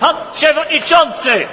Pan przewodniczący!